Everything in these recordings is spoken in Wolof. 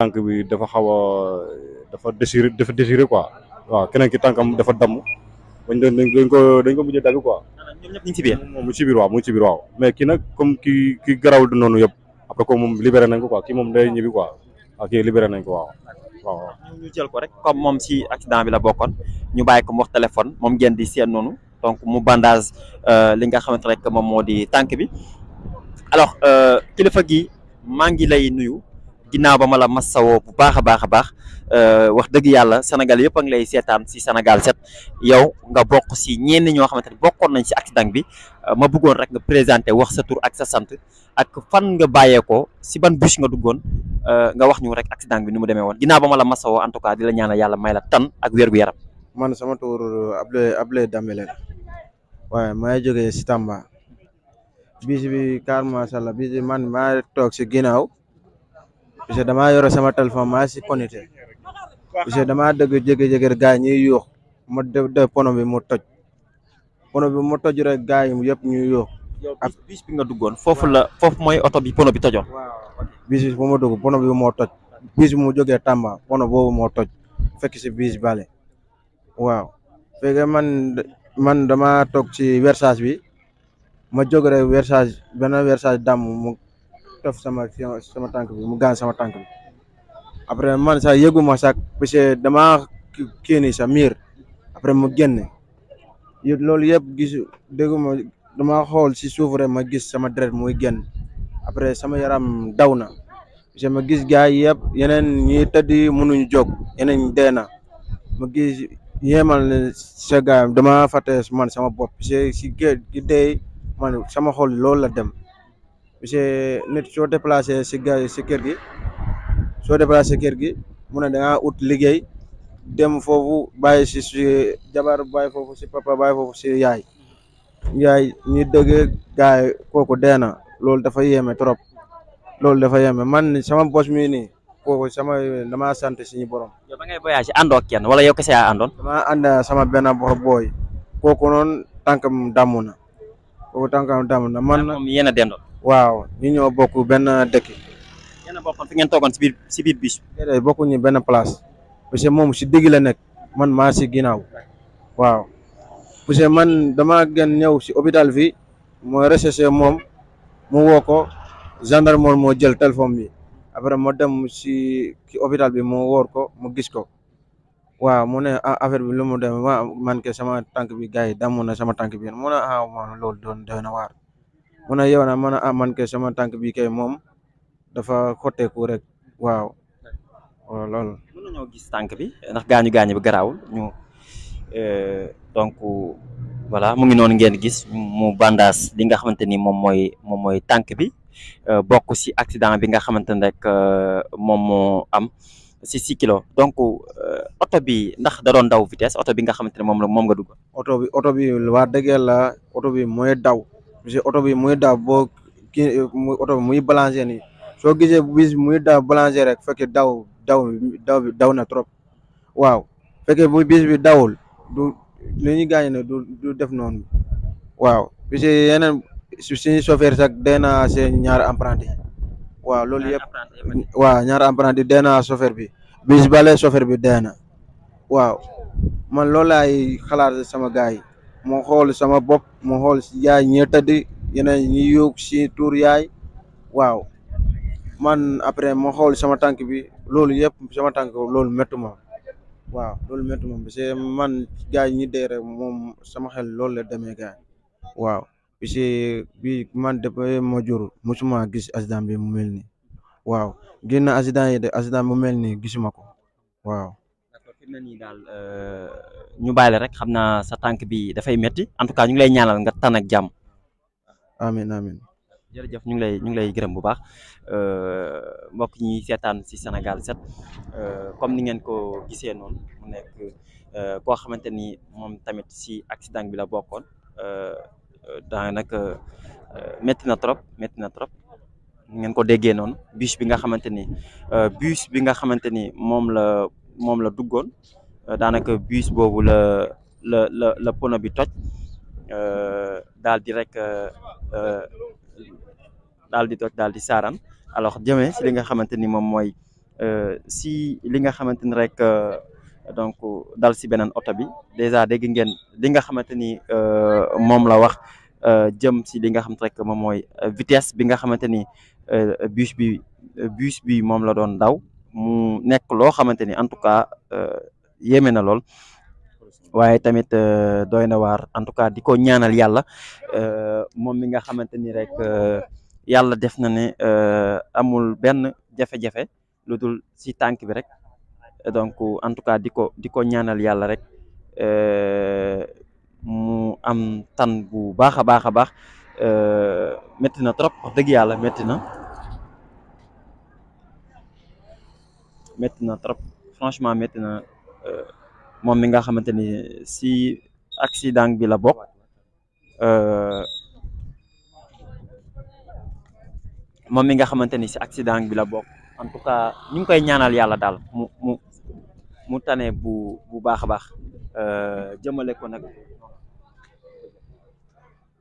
tànk bi dafa xaw a dafa déchiré dafa déchiré quoi waaw keneen ki tànkam dafa damm bañ doon dañ ko dañ ko mujjee dagg quoi. ñoom ñëpp ñu mu ci biir waaw mu ci biir waaw mais ki nag comme ki ki garawul du noonu yëpp après ko moom libéré nañ ko quoi kii moom day ñibbi quoi ak ah, kii libéré nañ ko waaw. waaw ñu jël ko rek comme moom si accident bi la bokkoon ñu bàyyi ko mu wax téléphone moom geen di seen noonu donc mu bandage euh, li nga xamante rek moom moo di tànk bi alors euh, kilifa gi maa ngi lay nuyu. ginnaaw ba ma la massawoo bu baax a baax a baax euh, wax dëgg yàlla Sénégal yëpp a ngi lay seetaan si Sénégal set yow nga bokk si ñenn ñoo xamante ne bokkoon nañ si accident bi euh, ma bëggoon rek nga présenté wax sa tur ak sa sant ak fan nga bàyyeekoo si ban bus nga duggoon euh, nga wax ñu rek accident bi nu mu demee woon ginnaaw ba ma la massawoo en tout cas di la ñaanal yàlla may la tan ak wér gu yaram. man sama tur Abdoulaye Abdoulaye Dambélé waaye may jógee si Tamba bi car macha bi man maa toog si ginnaaw. monsieur damaa yore sama téléphone maa si connecté monsieur damaa dëgg jékki-jékki gaa yi ma def pono bi mu toj pono bi mu toj rek gaa yi yëpp ñuy yuux. ak bis bi nga duggoon la foofu mooy bi pono bi tojoon. bis bi ma dugg pono bi moo toj bis mu jógee Tamba pono boobu moo toj fekk si bis bale waaw fekkee man dama toog ci versage bi ma jóg rek versage benn versage dàmm tof sama sama tànk bi mu gaañ sama tànk bi après man sax yëguma sax parce que damaa kii nii sax après mu génn loolu yëpp gisu dégguma dama xool si suuf rek ma gis sama deret muy génn après sama yaram daw na ma gis gars yi yëpp yeneen ñi tëdd mënuñu jóg yeneen dee na ma gis yéemal ne sa gars dama fàtte man sama bopp parce que si géej gi dee man sama xol loolu la dem monsieur nit soo déplacé si ga si kër gi soo déplacé kër gi mu ne da ut liggéey dem foofu bàyyi si si jabar bàyyi foofu si papa baay foofu si yaay yaay ñi dëgg gaay kooku dee na loolu dafa yéeme trop loolu dafa yéeme man sama bos mi nii kooku sama damaa sante suñu borom. si ba ngay wala yow kese yaa àndoon. damaa sama benn bor booy kooku noonu tànkam damm na kooku tànkam damm na man. moom yéen a dendoon. waaw ñu ñoo bokk benn dëkk. yéen a fi ngeen toogoon si biir si biir bus. déedéet bokkuñu benn place parce que moom si digg la nekk man maa si ginnaaw waaw parce que man dama gën ñëw si hopital fii ma recherché moom mu woo ko gendarme moo jël téléphone bi après ma dem si ki hôpital bi mu wóor ko mu gis ko waaw mu ne ah, affaire bi lumu dem man ke sama tànk bi gars yi damm na sama tànk bi mu ne ah loolu doon doy waar. mu ne yow man a ah, man kay sama tànk bi kay moom dafa xotteeku rek waaw loolu. mën nañoo gis tànk bi ndax gaañu gaañu bi garaawul ñu eh, donc voilà mu ngi noonu ngeen gis mu bandage li nga xamante ni moom mooy moom mooy tànk bi eh, bokk si accident bi nga xamante ne rek eh, moom moo am si six kilos donc oto bi ndax da daw vitesse oto bi nga xamante ne moom la moom nga dugg. oto bi oto bi waa dëgg la oto bi mooy daw. parce que oto bi muy daaw boo kii oto bi muy balancer nii soo gisee bis muy daaw balancer rek fekk daw daw daw bi daw na trop waaw fekk muy bis bi dawul du li ñu gaañ ne du du def noonu waaw parce que yeneen suñu chauffeur sax dee naa seen ñaari apprenti waaw loolu yëpp waaw ñaari apprenti dee naa chauffeur bi bis bale chauffeur bi dee na waaw man loolu laay xalaat sama gars yi mu xool sama bopp mu xool si yaay ñi tëdd yeneen ñi yóog si tuur yaay waaw man après mu xool sama tànk bi loolu yëpp sama tànk loolu méttu ma waaw loolu méttu man gars yi ñi dee rek moom sama xel loolu la demee gars waaw parce bi man depuis ma jur musuma gis accident bi mu mel nii waaw génn accident yi de accident mu mel nii gisuma ko waaw fi na nii daal euh, ñu bàyyi rek xam naa sa tànk bi dafay metti en tout cas ñu ngi lay ñaanal nga tan ak amin amin jërëjëf ñu ngi lay ñu ngi lay gërëm bu baax euh, mbokk ñi seetaan si Sénégal set euh, comme ni ngeen ko gisee noonu mu nekk koo xamante ni moom tamit si accident bi la bokkoon daanaka métti na trop métti na trop ngeen ko déggee noonu bus bi nga xamante ni bi nga xamante ni moom la moom la duggoon euh, daanaka bus boobu la la la pono bi toj euh, daal di rek euh, daal di toj daal di saaraan alors jëme si li nga xamante ni moom mooy si li nga xamante ni rek donc dal si beneen oto bi déjà dégg ngeen li nga xamante ni moom la wax jëm si li nga xamante rek moom mooy vitesse bi nga xamante ni bus bi bus bi moom la doon daw mu nekk loo xamante ni en tout cas euh, yéeme na lool waaye tamit euh, doy na waar en tout cas di ko ñaanal yàlla euh, moom mi nga xamante ni rek yàlla def na ne amul benn jafe-jafe lu dul si tànk bi rek donc en tout cas di ko di ko ñaanal yàlla rek mu am tan bu baax a baax a baax metti na trop wax dëgg yàlla métti na. métti na trop franchement métti na euh, moom mi nga xamante ni si accident bi la bokk euh, moom mi nga xamante ni si accident bi la bokk en tout cas ñu ngi koy ñaanal yàlla daal mu mu mu tane bu bu baax a baax euh, jëmale ko nag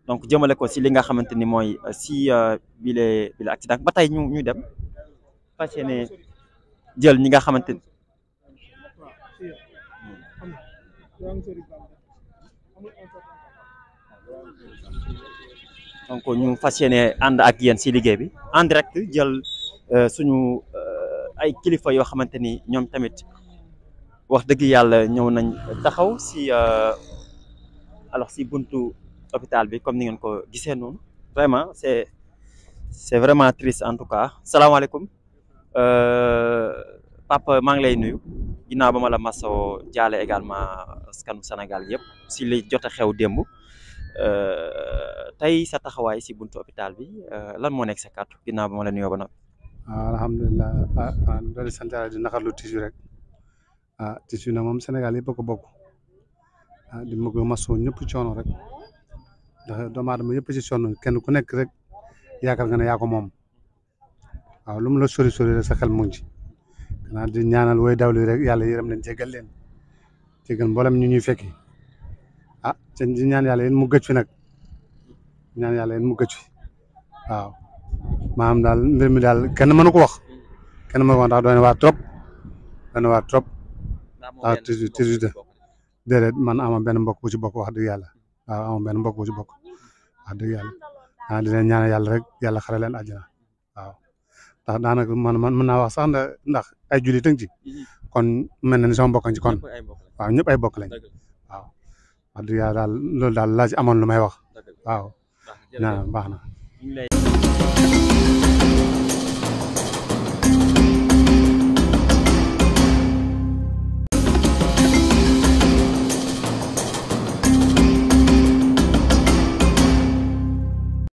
donc jëmale ko si li nga xamante ni mooy si bile bile accident ba tey ñu ñu dem fas jël ñi nga xamante ni donc ñu fas yéene ànd ak yéen si liggéey bi en direct jël euh, suñu euh, ay kilifa yoo xamante ni ñoom tamit wax dëgg yàlla ñëw nañ taxaw si euh, alors si buntu hôpital bi comme ni ngeen ko gisee noonu vraiment c'est c'est vraiment triste en tout cas salaamaaleykum Euh, Papa maa ngi lay nuyu ginnaaw ba ma la masoo jaale également askanu Sénégal yëpp si li jot xew démb euh, tey sa taxawaay si buntu hôpital bi euh, lan moo nekk sa kàddu ginnaaw ba ma la nuyoo ba nag. Ah, alhamdulilah ah ah loolu sant yàlla di naxarlu tissu rek ah tissu na moom Sénégal yëpp a ko bokk ah di ma ko masoo ñëpp coono rek ndax doomu aadama yëpp ci sonn kenn ku nekk rek yaakaar nga ne yaa moom. waaw lu mu la sori sori rek sa xel mu ngi ci di ñaanal way dawli rek yàlla yërëm leen jégal leen jégal mboolem ñu ñuy fekki ah te di yàlla yéen mu gëj fi nag ñaan yàlla yéen mu gëj fi waaw maanaam daal mbir mi daal kenn mënu ko wax kenn mënu wax ndax doy na waar trop doy na waar trop waaw toujours toujours man ama benn mbokk bu ci bokk wax dëgg yàlla waaw ama benn mbokk bu ci bokk wax dëgg yàlla ah dina yàlla rek yàlla xare leen àjjana ndax daanaka man man mën naa wax sax ndax ay jullit tënk ci mhm. kon mel na ni mbokk ci kon waaw ñëpp ay bokk lañ waaw daal loolu daal laa ci amoon lu may wax waaw. baax na. ñu